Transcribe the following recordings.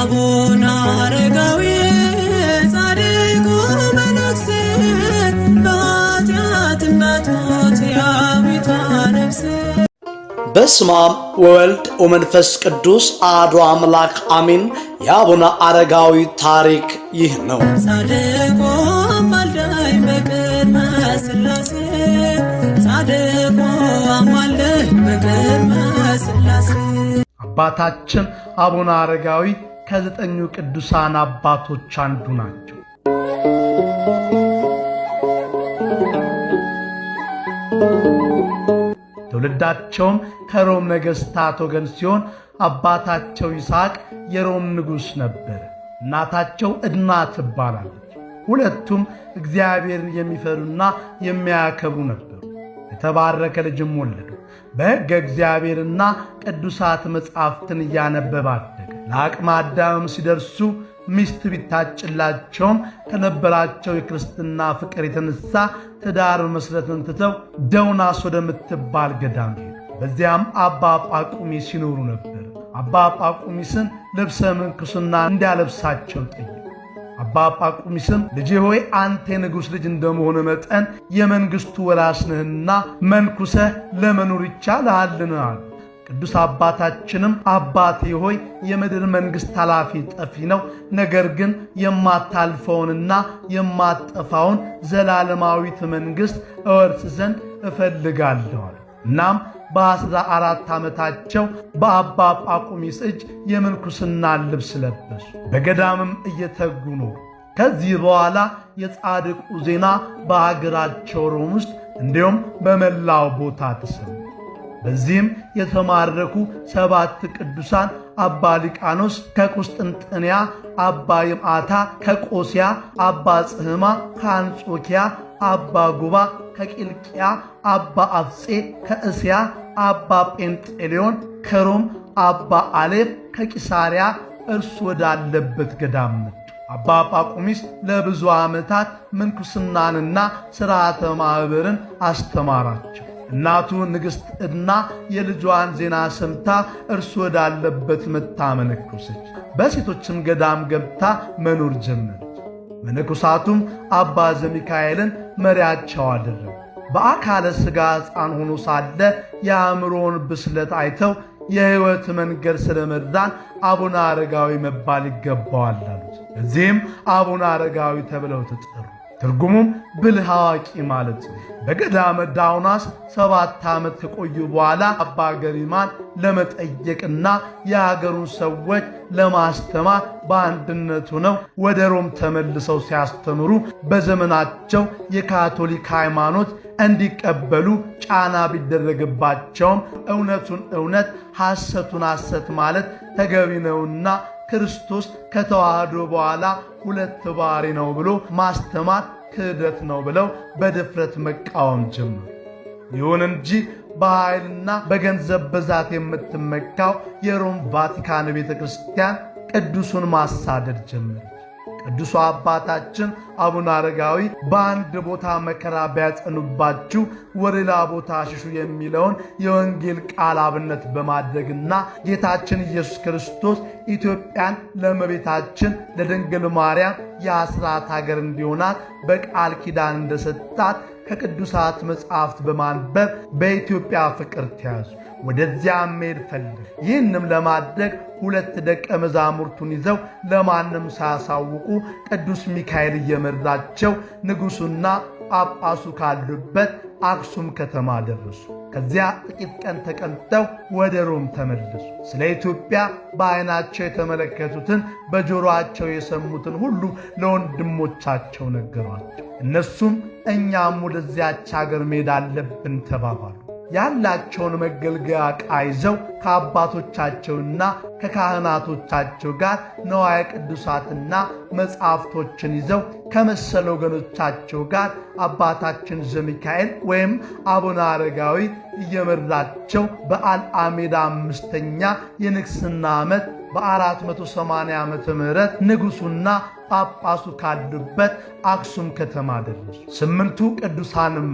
አቡነ አረጋዊ ጻድቁ መነኩሴ በኃጢአት ነፍሴ በስመ አብ ወወልድ ወመንፈስ ቅዱስ አሐዱ አምላክ አሜን። የአቡነ አረጋዊ ታሪክ ይህ ነው። ጻድቁ በቅድመ ጻድቁ በቅድመ አባታችን አቡነ አረጋዊ ከዘጠኙ ቅዱሳን አባቶች አንዱ ናቸው። ትውልዳቸውም ከሮም ነገሥታት ወገን ሲሆን አባታቸው ይስሐቅ የሮም ንጉሥ ነበር። እናታቸው ዕድና ትባላለች። ሁለቱም እግዚአብሔርን የሚፈሩና የሚያከብሩ ነበሩ። የተባረከ ልጅም ወለዱ። በሕገ እግዚአብሔርና ቅዱሳት መጻሕፍትን እያነበባደ ለአቅመ አዳም ሲደርሱ ሚስት ቢታጭላቸውም ከነበራቸው የክርስትና ፍቅር የተነሳ ትዳር መስረትን ትተው ደውናስ ወደምትባል ገዳም ሄዱ። በዚያም አባ ጳቁሚስ ሲኖሩ ነበር። አባ ጳቁሚስን ልብሰ ምንኩስና እንዲያለብሳቸው ጠየቁ። አባ ጳቁሚስም ልጄ ሆይ አንተ የንጉሥ ልጅ እንደመሆነ መጠን የመንግሥቱ ወራሽ ነህና መንኩሰህ ለመኖር ይቻልሃልን? አሉ። ቅዱስ አባታችንም አባቴ ሆይ የምድር መንግሥት ኃላፊ ጠፊ ነው፣ ነገር ግን የማታልፈውንና የማጠፋውን ዘላለማዊት መንግሥት እወርስ ዘንድ እፈልጋለሁ። እናም በአስራ አራት ዓመታቸው በአባ ጳቁሚስ እጅ የምንኩስና ልብስ ለበሱ። በገዳምም እየተጉ ኖሩ። ከዚህ በኋላ የጻድቁ ዜና በአገራቸው ሮም ውስጥ እንዲሁም በመላው ቦታ ተሰማ። በዚህም የተማረኩ ሰባት ቅዱሳን አባ ሊቃኖስ ከቁስጥንጥንያ፣ አባ የምዓታ ከቆሲያ፣ አባ ጽህማ፣ ከአንጾኪያ፣ አባ ጉባ ከቂልቅያ፣ አባ አፍጼ ከእስያ፣ አባ ጴንጤሌዮን ከሮም፣ አባ አሌፍ ከቂሳሪያ እርሱ ወዳለበት ገዳም መጡ። አባ ጳቁሚስ ለብዙ ዓመታት ምንኩስናንና ሥርዓተ ማኅበርን አስተማራቸው። እናቱ ንግሥት እና የልጇን ዜና ሰምታ እርሱ ወዳለበት መታ መነኮሰች። በሴቶችም ገዳም ገብታ መኖር ጀመረች። መነኮሳቱም አባ ዘሚካኤልን መሪያቸው አደረጉ። በአካለ ሥጋ ሕፃን ሆኖ ሳለ የአእምሮውን ብስለት አይተው የሕይወት መንገድ ስለ አቡነ አረጋዊ መባል ይገባዋል አሉት። እዚህም አቡነ አረጋዊ ተብለው ተጠሩ። ትርጉሙም ብልህ አዋቂ ማለት ነው። በገዳመ ዳውናስ ሰባት ዓመት ከቆዩ በኋላ አባ ገሪማን ለመጠየቅና የሀገሩን ሰዎች ለማስተማር በአንድነቱ ነው ወደ ሮም ተመልሰው ሲያስተምሩ በዘመናቸው የካቶሊክ ሃይማኖት እንዲቀበሉ ጫና ቢደረግባቸውም እውነቱን እውነት ሐሰቱን ሐሰት ማለት ተገቢ ነውና ክርስቶስ ከተዋህዶ በኋላ ሁለት ባህሪ ነው ብሎ ማስተማር ክህደት ነው ብለው በድፍረት መቃወም ጀመሩ። ይሁን እንጂ በኃይልና በገንዘብ ብዛት የምትመካው የሮም ቫቲካን ቤተ ክርስቲያን ቅዱሱን ማሳደድ ጀመረ። ቅዱሱ አባታችን አቡነ አረጋዊ በአንድ ቦታ መከራ ቢያጸኑባችሁ ወደሌላ ቦታ ሽሹ የሚለውን የወንጌል ቃል አብነት በማድረግና ጌታችን ኢየሱስ ክርስቶስ ኢትዮጵያን ለእመቤታችን ለድንግል ማርያም የአስራት ሀገር እንዲሆናት በቃል ኪዳን እንደሰጣት ከቅዱሳት መጽሐፍት በማንበብ በኢትዮጵያ ፍቅር ተያዙ። ወደዚያም መሄድ ፈልግ። ይህንም ለማድረግ ሁለት ደቀ መዛሙርቱን ይዘው ለማንም ሳያሳውቁ ቅዱስ ሚካኤል እየመራቸው ንጉሡና ጳጳሱ ካሉበት አክሱም ከተማ ደረሱ። ከዚያ ጥቂት ቀን ተቀምጠው ወደ ሮም ተመለሱ። ስለ ኢትዮጵያ በዓይናቸው የተመለከቱትን በጆሮአቸው የሰሙትን ሁሉ ለወንድሞቻቸው ነገሯቸው። እነሱም እኛም ወደዚያች አገር መሄድ አለብን ተባባሉ። ያላቸውን መገልገያ ዕቃ ይዘው ከአባቶቻቸውና ከካህናቶቻቸው ጋር ነዋየ ቅዱሳትና መጻሕፍቶችን ይዘው ከመሰለ ወገኖቻቸው ጋር አባታችን ዘሚካኤል ወይም አቡነ አረጋዊ እየመራቸው በዓል አሜዳ አምስተኛ የንግሥና ዓመት በ480 ዓመተ ምህረት ንጉሡና ጳጳሱ ካሉበት አክሱም ከተማ ደረሱ። ስምንቱ ቅዱሳንም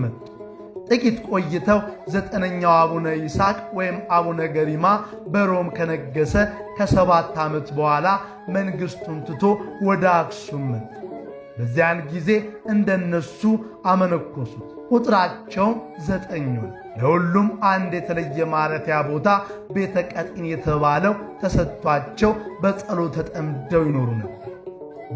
ጥቂት ቆይተው ዘጠነኛው አቡነ ይስሐቅ ወይም አቡነ ገሪማ በሮም ከነገሰ ከሰባት ዓመት በኋላ መንግሥቱን ትቶ ወደ አክሱም መጣ። በዚያን ጊዜ እንደነሱ አመነኮሱት። ቁጥራቸውም ዘጠኝ ሆነ። ለሁሉም አንድ የተለየ ማረፊያ ቦታ ቤተ ቀጢን የተባለው ተሰጥቷቸው በጸሎት ተጠምደው ይኖሩ ነበር።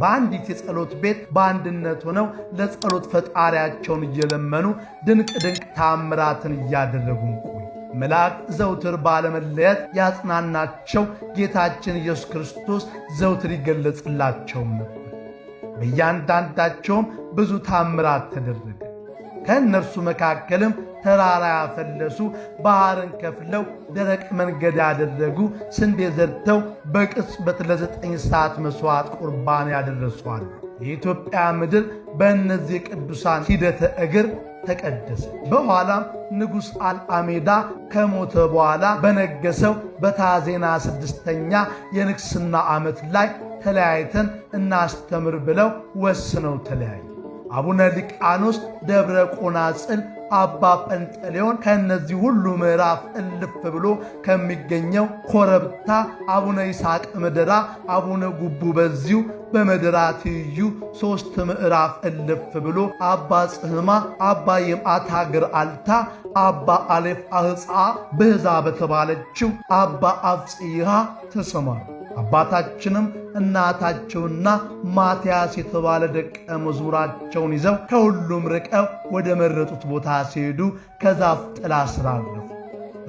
በአንዲት የጸሎት ቤት በአንድነት ሆነው ለጸሎት ፈጣሪያቸውን እየለመኑ ድንቅ ድንቅ ታምራትን እያደረጉ ቆዩ። መልአክ ዘውትር ባለመለየት ያጽናናቸው ጌታችን ኢየሱስ ክርስቶስ ዘውትር ይገለጽላቸውም ነበር። በእያንዳንዳቸውም ብዙ ታምራት ተደረገ። ከእነርሱ መካከልም ተራራ ያፈለሱ፣ ባህርን ከፍለው ደረቅ መንገድ ያደረጉ፣ ስንዴ ዘርተው በቅጽበት ለዘጠኝ ሰዓት መሥዋዕት ቁርባን ያደረሷል። የኢትዮጵያ ምድር በእነዚህ ቅዱሳን ሂደተ እግር ተቀደሰ። በኋላም ንጉሥ አልአሜዳ ከሞተ በኋላ በነገሰው በታዜና ስድስተኛ የንግሥና ዓመት ላይ ተለያይተን እናስተምር ብለው ወስነው ተለያዩ። አቡነ ሊቃኖስ ደብረ ቆናጽል አባ ጰንጠሌዎን ከእነዚህ ሁሉ ምዕራፍ እልፍ ብሎ ከሚገኘው ኮረብታ አቡነ ይስሐቅ ምድራ አቡነ ጉቡ በዚሁ በመደራ ትይዩ ሦስት ምዕራፍ እልፍ ብሎ አባ ጽህማ፣ አባ የምአታ አልታ አባ አሌፍ አህፃ ብሕዛ በተባለችው አባ አፍጽይሃ ተሰማሉ። አባታችንም እናታቸውና ማትያስ የተባለ ደቀ መዝሙራቸውን ይዘው ከሁሉም ርቀው ወደ መረጡት ቦታ ሲሄዱ ከዛፍ ጥላ ስር አረፉ።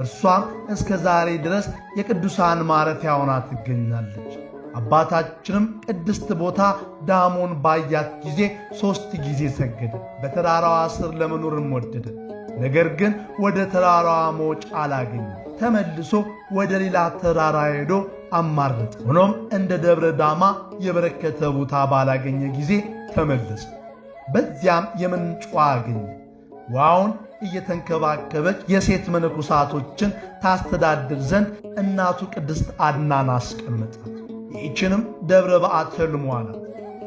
እርሷም እስከ ዛሬ ድረስ የቅዱሳን ማረፊያ ሆና ትገኛለች። አባታችንም ቅድስት ቦታ ዳሞን ባያት ጊዜ ሦስት ጊዜ ሰገደ። በተራራዋ ስር ለመኖርም ወደደ። ነገር ግን ወደ ተራራዋ መውጫ አላገኘ። ተመልሶ ወደ ሌላ ተራራ ሄዶ አማረጠ። ሆኖም እንደ ደብረ ዳማ የበረከተ ቦታ ባላገኘ ጊዜ ተመለሰ። በዚያም የምንጭ አገኘ። ውሃውን እየተንከባከበች የሴት መነኮሳቶችን ታስተዳድር ዘንድ እናቱ ቅድስት አድናን አስቀምጣት። ይህችንም ደብረ በዓት ተልሞ አላት።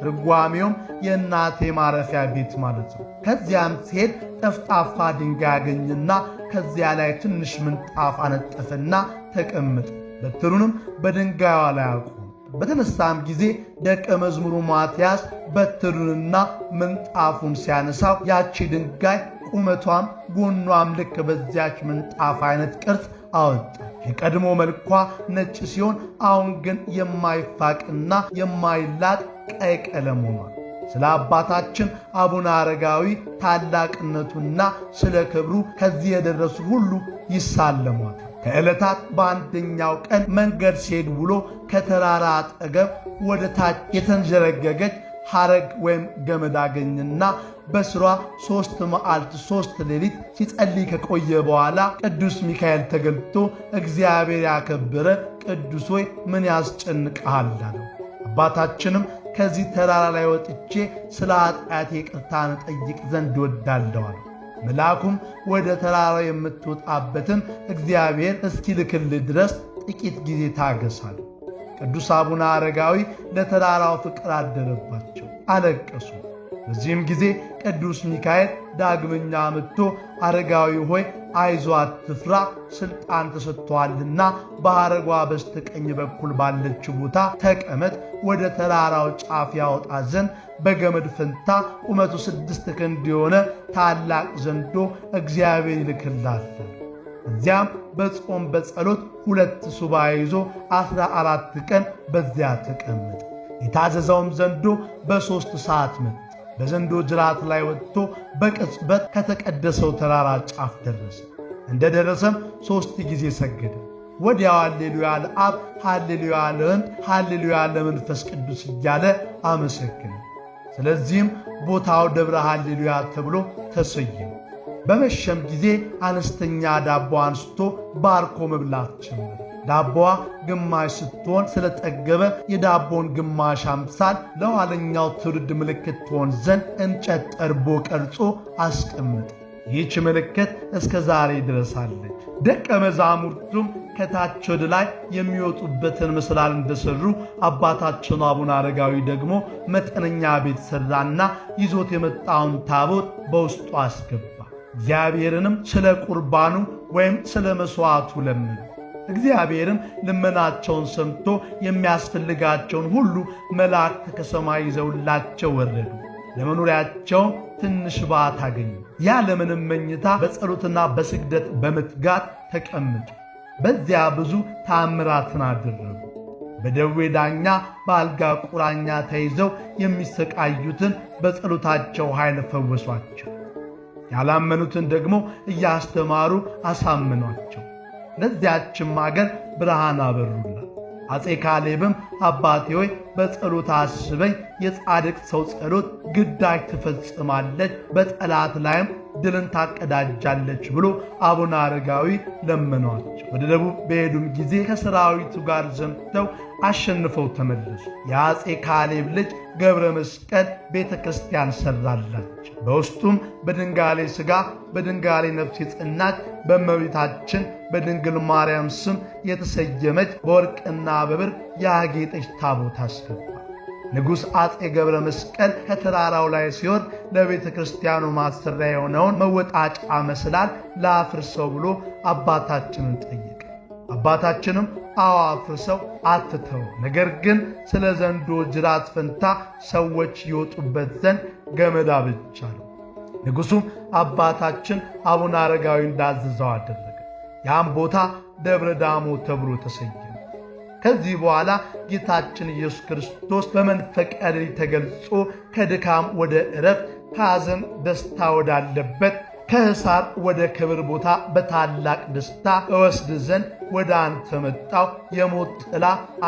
ትርጓሜውም የእናቴ ማረፊያ ቤት ማለት ነው። ከዚያም ሲሄድ ጠፍጣፋ ድንጋይ አገኘና ከዚያ ላይ ትንሽ ምንጣፍ አነጠፈና ተቀምጠ በትሩንም በድንጋዩ ላይ አቆመ። በተነሳም ጊዜ ደቀ መዝሙሩ ማትያስ በትሩንና ምንጣፉን ሲያነሳው ያቺ ድንጋይ ቁመቷም ጎኗም ልክ በዚያች ምንጣፍ አይነት ቅርጽ አወጣ። የቀድሞ መልኳ ነጭ ሲሆን አሁን ግን የማይፋቅና የማይላጥ ቀይ ቀለም ሆኗል። ስለ አባታችን አቡነ አረጋዊ ታላቅነቱና ስለ ክብሩ ከዚህ የደረሱ ሁሉ ይሳለሟታል። ከዕለታት በአንደኛው ቀን መንገድ ሲሄድ ውሎ ከተራራ አጠገብ ወደ ታች የተንዠረገገች ሐረግ ወይም ገመድ አገኝና በስሯ ሦስት መዓልት ሦስት ሌሊት ሲጸልይ ከቆየ በኋላ ቅዱስ ሚካኤል ተገልጦ እግዚአብሔር ያከበረ ቅዱስ ሆይ ምን ያስጨንቅሃል አለው። አባታችንም ከዚህ ተራራ ላይ ወጥቼ ስለ ኃጢአቴ ይቅርታን ጠይቅ ዘንድ ወዳለዋል መልአኩም ወደ ተራራው የምትወጣበትን እግዚአብሔር ልክል ድረስ ጥቂት ጊዜ ታገሳል። ቅዱስ አቡነ አረጋዊ ለተራራው ፍቅር አደረባቸው፣ አለቀሱ። በዚህም ጊዜ ቅዱስ ሚካኤል ዳግመኛ መጥቶ አረጋዊ ሆይ አይዞ አትፍራ ስልጣን ተሰጥቷልና በሐረጓ በስተቀኝ በኩል ባለች ቦታ ተቀመጥ፣ ወደ ተራራው ጫፍ ያወጣ ዘንድ በገመድ ፈንታ ቁመቱ ስድስት ክንድ የሆነ ታላቅ ዘንዶ እግዚአብሔር ይልክላል። እዚያም በጾም በጸሎት ሁለት ሱባ ይዞ አስራ አራት ቀን በዚያ ተቀምጥ የታዘዘውም ዘንዶ በሦስት ሰዓት መጣ። በዘንዶ ጅራት ላይ ወጥቶ በቅጽበት ከተቀደሰው ተራራ ጫፍ ደረሰ። እንደ ደረሰም ሦስት ጊዜ ሰገደ። ወዲያው ሃሌሉያ ለአብ፣ ሃሌሉያ ለወልድ፣ ሃሌሉያ ለመንፈስ ቅዱስ እያለ አመሰግነ። ስለዚህም ቦታው ደብረ ሃሌሉያ ተብሎ ተሰየመ። በመሸም ጊዜ አነስተኛ ዳቦ አንስቶ ባርኮ መብላት ጀመረ። ዳቦዋ ግማሽ ስትሆን ስለጠገበ የዳቦን ግማሽ አምሳል ለኋለኛው ትውልድ ምልክት ትሆን ዘንድ እንጨት ጠርቦ ቀርጾ አስቀምጠ። ይህች ምልክት እስከ ዛሬ ድረስ አለች። ደቀ መዛሙርቱም ከታች ወደ ላይ የሚወጡበትን ምስላል እንደሰሩ አባታችን አቡነ አረጋዊ ደግሞ መጠነኛ ቤት ሰራና ይዞት የመጣውን ታቦት በውስጡ አስገባ። እግዚአብሔርንም ስለ ቁርባኑ ወይም ስለ መሥዋዕቱ ለምን እግዚአብሔርም ልመናቸውን ሰምቶ የሚያስፈልጋቸውን ሁሉ መላእክት ከሰማይ ይዘውላቸው ወረዱ። ለመኖሪያቸው ትንሽ ባት አገኙ። ያለምንም መኝታ በጸሎትና በስግደት በመትጋት ተቀምጡ። በዚያ ብዙ ታምራትን አደረጉ። በደዌ ዳኛ በአልጋ ቁራኛ ተይዘው የሚሰቃዩትን በጸሎታቸው ኃይል ፈወሷቸው። ያላመኑትን ደግሞ እያስተማሩ አሳምኗቸው። ለዚያችም አገር ብርሃን አበሩላት። አፄ ካሌብም አባቴ ሆይ በጸሎት አስበኝ። የጻድቅ ሰው ጸሎት ግዳጅ ትፈጽማለች፣ በጠላት ላይም ድልን ታቀዳጃለች ብሎ አቡነ አረጋዊ ለመኗቸው። ወደ ደቡብ በሄዱም ጊዜ ከሰራዊቱ ጋር ዘምተው አሸንፈው ተመለሱ። የአጼ ካሌብ ልጅ ገብረ መስቀል ቤተ ክርስቲያን ሰራላቸው። በውስጡም በድንጋሌ ሥጋ በድንጋሌ ነፍስ የጸናች በእመቤታችን በድንግል ማርያም ስም የተሰየመች በወርቅና በብር ያጌጠች ታቦት አስገባ። ንጉሥ አጼ ገብረ መስቀል ከተራራው ላይ ሲሆን ለቤተ ክርስቲያኑ ማሰሪያ የሆነውን መወጣጫ መስላል ላፍርሰው ብሎ አባታችንን ጠየቀ። አባታችንም አዎ አፍርሰው አትተው፣ ነገር ግን ስለ ዘንዶ ጅራት ፈንታ ሰዎች ይወጡበት ዘንድ ገመድ ብቻ ነው። ንጉሡም አባታችን አቡነ አረጋዊ እንዳዘዘው አደረገ። ያም ቦታ ደብረ ዳሞ ተብሎ ተሰየ። ከዚህ በኋላ ጌታችን ኢየሱስ ክርስቶስ በመንፈቀ ሌሊት ተገልጾ ከድካም ወደ ዕረፍት፣ ከሐዘን ደስታ ወዳለበት፣ ከሕሳር ወደ ክብር ቦታ በታላቅ ደስታ እወስድ ዘንድ ወደ አንተ መጣው። የሞት ጥላ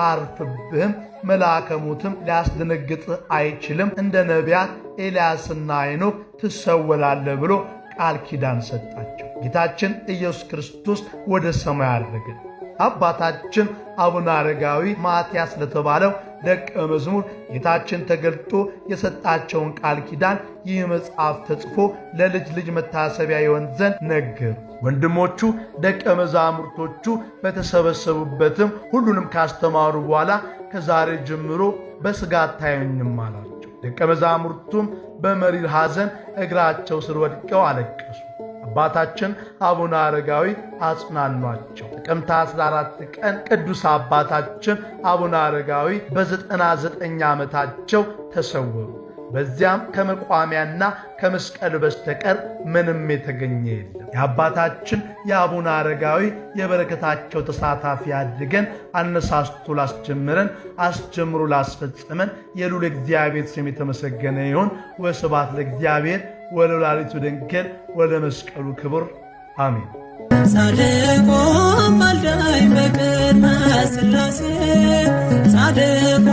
አርፍብህም መልአከ ሞትም ሊያስደነግጥህ አይችልም። እንደ ነቢያት ኤልያስና ሄኖክ ትሰወላለህ ብሎ ቃል ኪዳን ሰጣቸው። ጌታችን ኢየሱስ ክርስቶስ ወደ ሰማይ አድርገን አባታችን አቡነ አረጋዊ ማትያስ ለተባለው ደቀ መዝሙር ጌታችን ተገልጦ የሰጣቸውን ቃል ኪዳን ይህ መጽሐፍ ተጽፎ ለልጅ ልጅ መታሰቢያ ይሆን ዘንድ ነገር ወንድሞቹ ደቀ መዛሙርቶቹ በተሰበሰቡበትም ሁሉንም ካስተማሩ በኋላ ከዛሬ ጀምሮ በሥጋ አታዩኝም አላቸው። ደቀ መዛሙርቱም በመሪር ሐዘን እግራቸው ስር ወድቀው አለቀሱ። አባታችን አቡነ አረጋዊ አጽናኗቸው። ጥቅምት 14 ቀን ቅዱስ አባታችን አቡነ አረጋዊ በ99 ዓመታቸው ተሰወሩ። በዚያም ከመቋሚያና ከመስቀል በስተቀር ምንም የተገኘ የለም። የአባታችን የአቡነ አረጋዊ የበረከታቸው ተሳታፊ አድርገን አነሳስቶ ላስጀምረን አስጀምሮ ላስፈጽመን የሉል እግዚአብሔር ስም የተመሰገነ ይሁን። ወስብሐት ለእግዚአብሔር ወለወላዲቱ ድንግል ወለመስቀሉ ክቡር አሜን። ጻድቆ አማልደኝ በቅድመ ሥላሴ ጻድቆ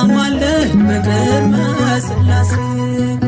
አማልደኝ በቅድመ ሥላሴ